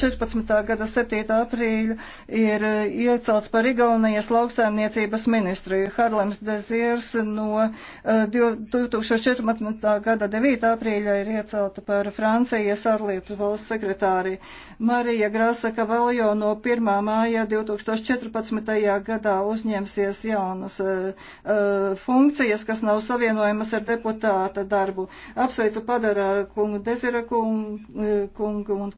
14. gada 7. aprīļa ir eh, iecelts par Igaunijas lauksaimniecības ministru. Harlems Dezirs no 2014. Eh, gada 9. aprīļa ir iecelta par Francijas ārlietu valsts sekretāri. Marija Grasa Kavaljo no 1. māja 2014. gadā uzņemsies jaunas uh, funkcijas, kas nav savienojamas ar deputāta darbu. Apsveicu padarā kungu Dezira kungu, kungu un